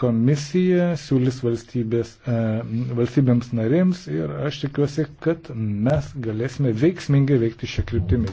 komisija siūlys valstybės, e, valstybėms narėms ir aš tikiuosi, kad mes galėsime veiksmingai veikti šią kryptimį.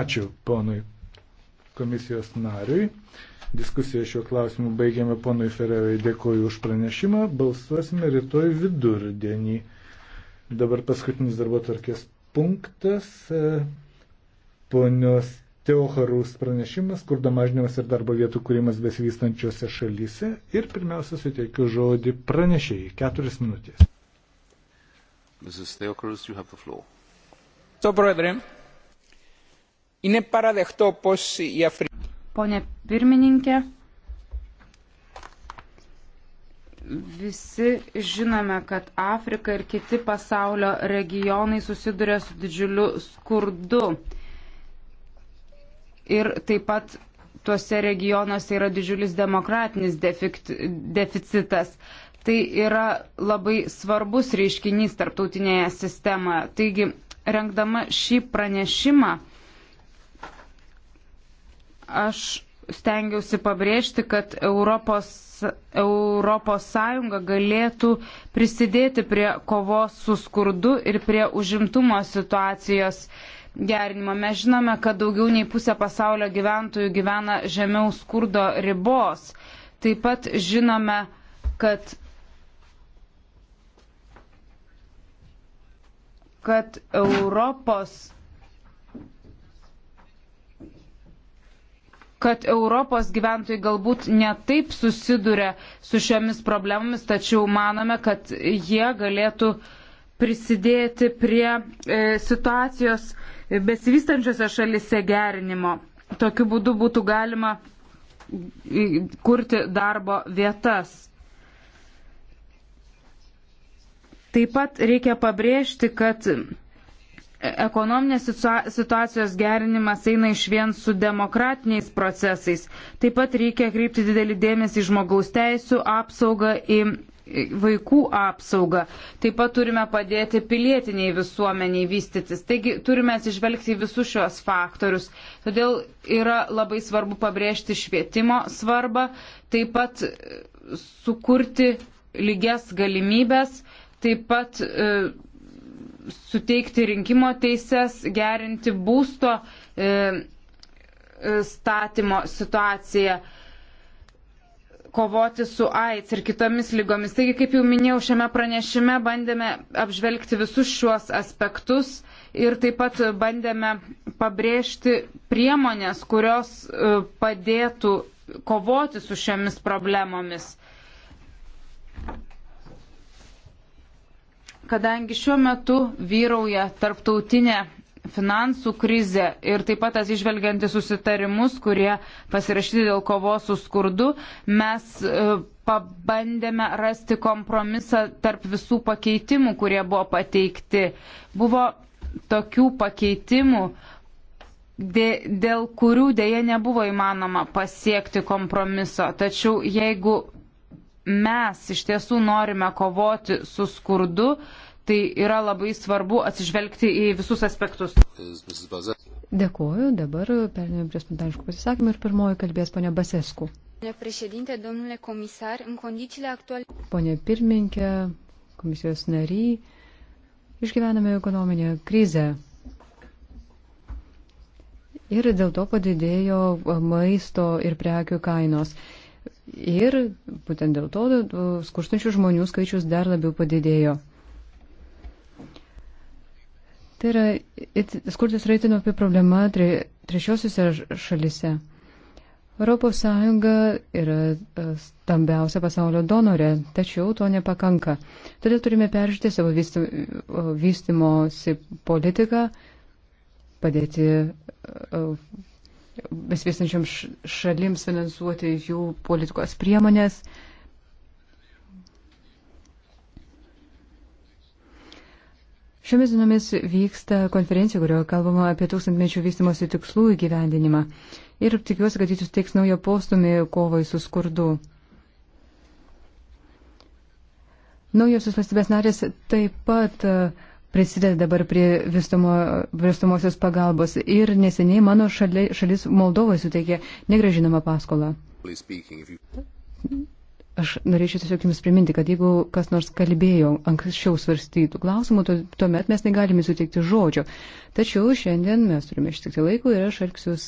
Ačiū ponui komisijos nariui. Diskusiją šiuo klausimu baigėme ponui Ferevai. Dėkoju už pranešimą. Balsuosime rytoj vidurdienį. Dabar paskutinis darbo tarkės punktas. E, ponios Teocharus pranešimas, skurdo mažinimas ir darbo vietų kūrimas besivystančiose šalyse. Ir pirmiausia, suteikiu žodį pranešėjai. Keturias minutės. Mrs. Theocarus, you have the floor. To, brodre, είναι παραδεχτό πως η Αφρική... Pone pirmininkė, visi žinome, kad Afrika ir kiti pasaulio regionai susiduria su didžiuliu skurdu ir taip pat tuose regionuose yra didžiulis demokratinis defikt, deficitas. Tai yra labai svarbus reiškinys tarptautinėje sistemoje. Taigi, renkdama šį pranešimą, aš stengiausi pabrėžti, kad Europos, Europos Sąjunga galėtų prisidėti prie kovos su skurdu ir prie užimtumo situacijos gerinimą. Mes žinome, kad daugiau nei pusė pasaulio gyventojų gyvena žemiau skurdo ribos. Taip pat žinome, kad, kad Europos kad Europos gyventojai galbūt netaip susiduria su šiomis problemomis, tačiau manome, kad jie galėtų prisidėti prie e, situacijos e, besivystančiose šalise gerinimo. Tokiu būdu būtų galima kurti darbo vietas. Taip pat reikia pabrėžti, kad ekonominės situacijos gerinimas eina iš vien su demokratiniais procesais. Taip pat reikia kreipti didelį dėmesį į žmogaus teisų apsaugą, į vaikų apsaugą. Taip pat turime padėti pilietiniai visuomeniai vystytis. Taigi turime atsižvelgti į visus šios faktorius. Todėl yra labai svarbu pabrėžti švietimo svarbą, taip pat e, sukurti lygias galimybės, taip pat e, suteikti rinkimo teises, gerinti būsto e, e statymo situaciją. E, kovoti su AIDS ir kitomis lygomis. Taigi, kaip jau minėjau, šiame pranešime bandėme apžvelgti visus šiuos aspektus ir taip pat bandėme pabrėžti priemonės, kurios e, padėtų kovoti su šiomis problemomis. Kadangi šiuo metu vyrauja tarptautinė finansų krizę ir taip pat atsižvelgiant į susitarimus, kurie pasirašyti dėl kovos su skurdu, mes e, pabandėme rasti kompromisą tarp visų pakeitimų, kurie buvo pateikti. Buvo tokių pakeitimų, dėl kurių dėje nebuvo įmanoma pasiekti kompromiso. Tačiau jeigu mes iš tiesų norime kovoti su skurdu, tai yra labai svarbu atsižvelgti į visus aspektus. Dėkuoju, dabar perėmėm prie spontaniškų pasisakymų ir pirmoji kalbės ponia Basesku. Pone pirmininkė, komisijos nariai, išgyvename ekonominę krizę. Ir dėl to padidėjo maisto ir prekių kainos. Ir būtent dėl to skurstančių žmonių skaičius dar labiau padidėjo. Tai yra, skurdas yra itin opi problema tre, trečiosiuose šalise. Europos Sąjunga yra e, stambiausia pasaulio donorė, tačiau to nepakanka. Todėl turime peržiūrėti savo vystimosi politiką, padėti e, e, besivystančiams šalims finansuoti jų politikos priemonės Šiomis dienomis vyksta konferencija, kurioje kalbama apie tūkstantmečių vystimosi tikslų įgyvendinimą. Ir tikiuosi, kad jis suteiks naują postumį kovai su skurdu. Naujosios valstybės narės taip pat e, prisideda dabar prie vystomosios pagalbos ir neseniai mano šali, šalis Moldovai suteikė negražinamą paskolą. Aš norėčiau tiesiog Jums priminti, kad jeigu kas nors kalbėjo anksčiau svarstytų klausimų, tuomet mes negalime suteikti žodžio. Tačiau šiandien mes turime ištikti laiko ir aš elgsiuos.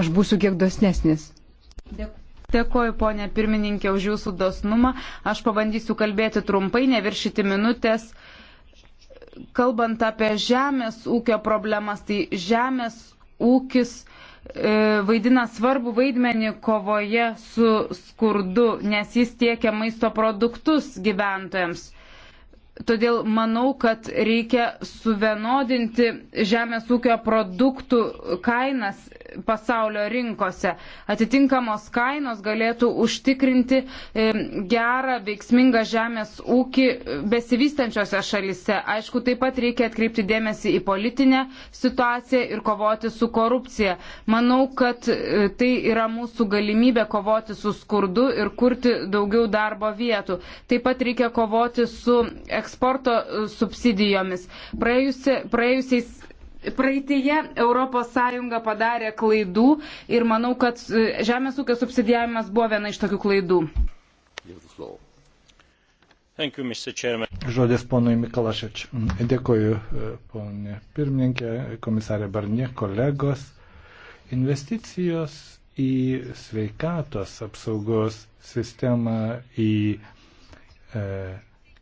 Aš būsiu kiek dosnesnis. Dėkui. Dėkoju, ponė pirmininkė, už jūsų dosnumą. Aš pabandysiu kalbėti trumpai, neviršyti minutės. Kalbant apie žemės ūkio problemas, tai žemės ūkis E, vaidina svarbu vaidmenį kovoje su skurdu, nes jis tiekia maisto produktus gyventojams. Todėl manau, kad reikia suvienodinti žemės ūkio produktų kainas pasaulio rinkose. Atitinkamos kainos galėtų užtikrinti e, gerą, veiksmingą žemės ūkį besivystančiose šalise. Aišku, taip pat reikia atkreipti dėmesį į politinę situaciją ir kovoti su korupcija. Manau, kad e, tai yra mūsų galimybė kovoti su skurdu ir kurti daugiau darbo vietų. Taip pat reikia kovoti su eksportu eksporto e, subsidijomis. Praėjusi, praėjusiais praeitėje ES padarė klaidų ir manau, kad e, žemės ūkio subsidijavimas buvo viena iš tokių klaidų. You, Žodis ponui Mikalašič. Dėkoju, e, ponė pirmininkė, komisarė Barnie, kolegos. Investicijos į sveikatos apsaugos sistemą, į e,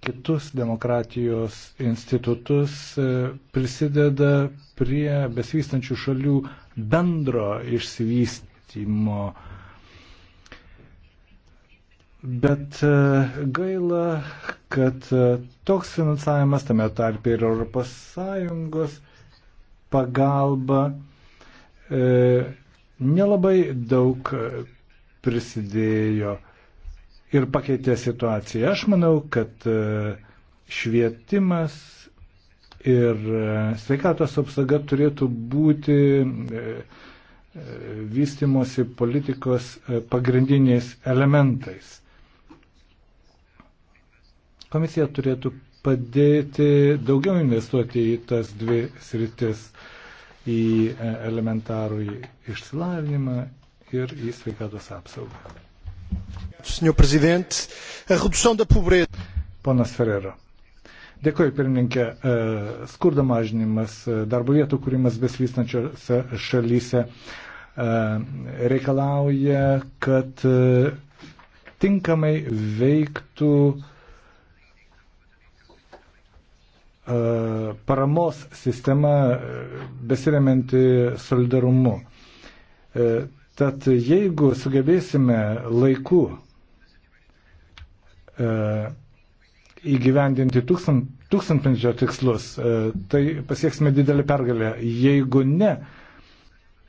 kitus demokratijos institutus e, prisideda prie besivystančių šalių bendro išsivystymo. Bet e, gaila, kad e, toks finansavimas, tame tarpe ir ES pagalba, nelabai daug prisidėjo ir pakeitė situaciją. Aš manau, kad e, švietimas ir e, sveikatos apsauga turėtų būti e, vystimosi politikos pagrindiniais elementais. Komisija turėtų padėti daugiau investuoti į tas dvi sritis - į elementarų išsilavinimą ir į sveikatos apsaugą senhor presidente. A redução da pobreza. Ponas Ferreira. Dėkuoju, pirmininkė. E, Skurdo mažinimas, e, darbo vietų kūrimas besivystančiose šalyse e, reikalauja, kad tinkamai veiktų paramos sistema besiremianti solidarumu. Tad jeigu sugebėsime laiku E, įgyvendinti tūkstant, tūkstantmečio tikslus, e, tai pasieksime didelį pergalę. Jeigu ne,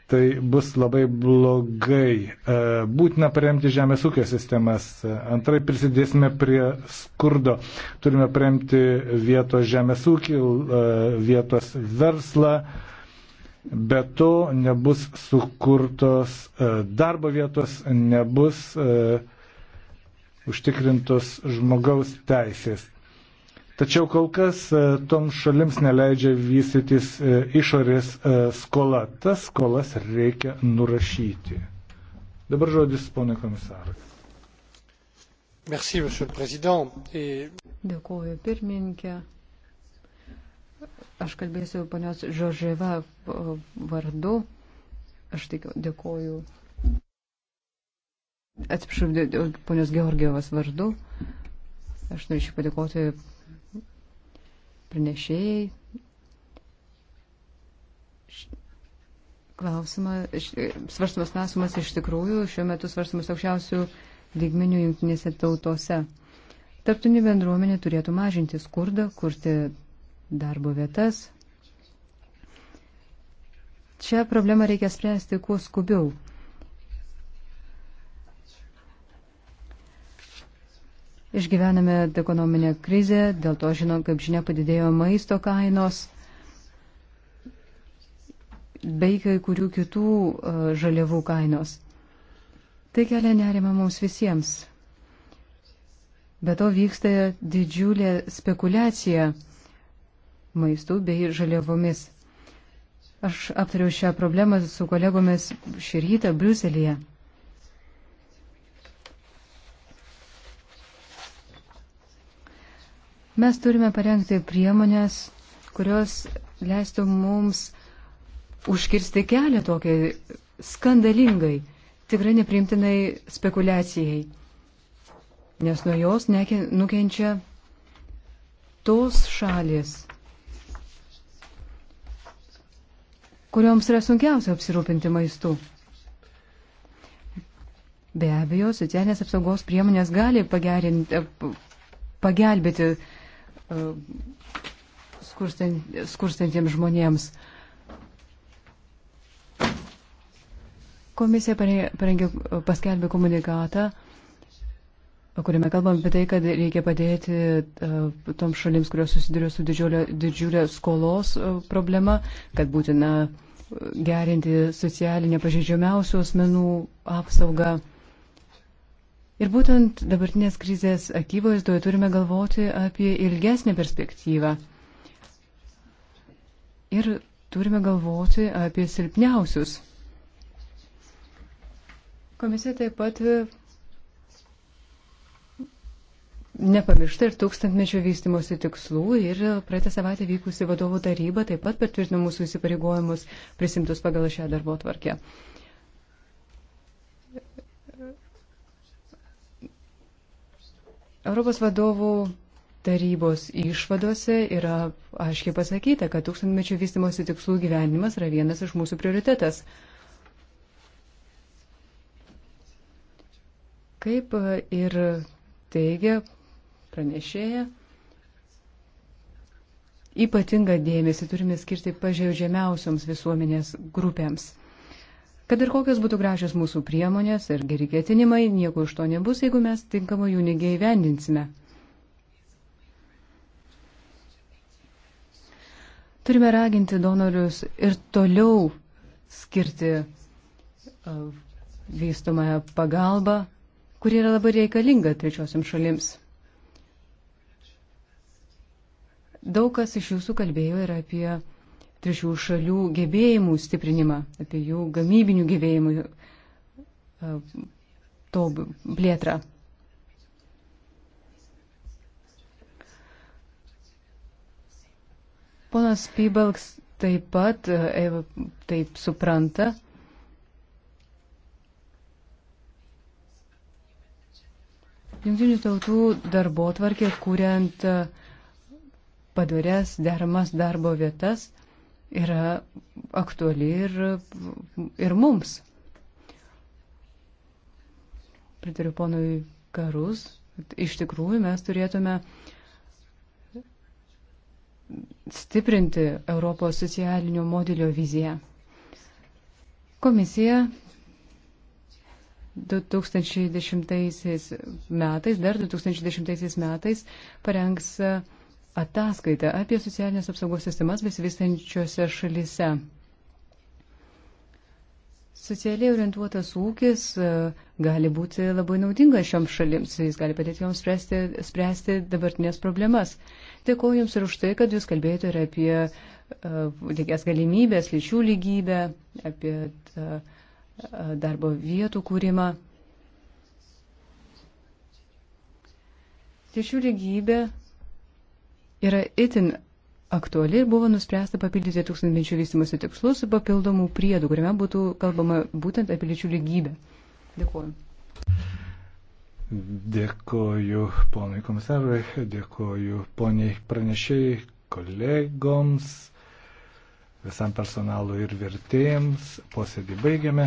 tai bus labai blogai. E, būtina paremti žemės ūkio sistemas, antrai prisidėsime prie skurdo. Turime paremti vietos žemės ūkį, vietos verslą. Be to nebus sukurtos darbo vietos, nebus uh, užtikrintos žmogaus teisės. Tačiau kol kas e, tom šalims neleidžia vystytis e, išorės e, skola. Tas skolas reikia nurašyti. Dabar žodis, ponė komisaras. Merci, monsieur le président. Et... Dėkuoju, pirmininkė. Aš kalbėsiu ponios Žožėva vardu. Aš dėkuoju atsiprašau, ponios Georgievas vardu. Aš norėčiau padėkoti pranešėjai. Klausimas, svarstamas klausimas iš tikrųjų šiuo metu svarstamas aukščiausių lygmenių jungtinėse tautose. Tarptautinė bendruomenė turėtų mažinti skurdą, kurti darbo vietas. Čia problemą reikia spręsti kuo skubiau. Išgyvename ekonominę krizę, dėl to, žinom, kaip žinia, padidėjo maisto kainos bei kai kurių kitų e, žaliavų kainos. Tai kelia nerima mums visiems. Be to vyksta didžiulė spekulacija maistų bei žaliavomis. Aš aptariau šią problemą su kolegomis šį rytą Bruselėje. Mes turime parengti priemonės, kurios leistų mums užkirsti kelią tokiai skandalingai, tikrai neprimtinai spekulacijai, nes nuo jos nukenčia tos šalis, kurioms yra sunkiausia apsirūpinti maistu. Be abejo, socialinės apsaugos priemonės gali pagerinti, pagelbėti skurstantiems žmonėms. Komisija parengė, paskelbė komunikatą, kuriame kalbam apie tai, kad reikia padėti e, toms šalims, kurios susiduria su didžiulė, didžiulė skolos e, problema, kad būtina gerinti socialinę pažeidžiamiausių asmenų apsaugą. Ir būtent dabartinės krizės akivaizdoje turime galvoti apie ilgesnį perspektyvą. Ir turime galvoti apie silpniausius. Komisija taip pat nepamiršta ir tūkstantmečio vystimosi tikslų ir praeitą savaitę vykusi vadovų taryba taip pat patvirtino mūsų įsipareigojimus prisimtus pagal šią darbo tvarkę. Europos vadovų tarybos išvadose yra aiškiai pasakyta, kad tūkstantmečio vystimosi tikslų gyvenimas yra vienas iš mūsų prioritetas. Kaip ir teigia pranešėja, ypatingą dėmesį turime skirti pažeidžiamiausioms visuomenės grupėms. Kad ir kokios būtų gražios mūsų priemonės ir geri ketinimai, nieko iš to nebus, jeigu mes tinkamai jų negyvendinsime. Turime raginti donorius ir toliau skirti vystomąją pagalbą, kuri yra labai reikalinga trečiosiam šalims. Daug kas iš jūsų kalbėjo ir apie trečių šalių gebėjimų stiprinimą, apie jų gamybinių gebėjimų e, to plėtrą. Ponas Pybalks taip pat e, e, taip supranta, Junktinių tautų darbo tvarkė, kuriant padorias, deramas darbo vietas – yra aktuali ir, ir mums. Pritariu ponui Karus, iš tikrųjų mes turėtume stiprinti Europos socialinio modelio viziją. Komisija 2010 metais, dar 2010 metais parengs ataskaitą apie socialinės apsaugos sistemas besivystančiose šalise. Socialiai orientuotas ūkis e, gali būti labai naudingas šioms šalims, jis gali padėti joms spręsti, spręsti dabartinės problemas. Dėkuoju Jums ir už tai, kad Jūs kalbėjote ir apie e, lygias galimybės, lyčių lygybę, apie e, darbo vietų kūrimą. Lyčių lygybė yra itin aktuali ir buvo nuspręsta papildyti tūkstantmečių vystimosi tikslus su papildomų priedų, kuriame būtų kalbama būtent apie lyčių lygybę. Dėkuoju. Dėkuoju ponui komisarui, dėkuoju poniai pranešėjai, kolegoms, visam personalui ir vertėjams. Posėdį baigiame.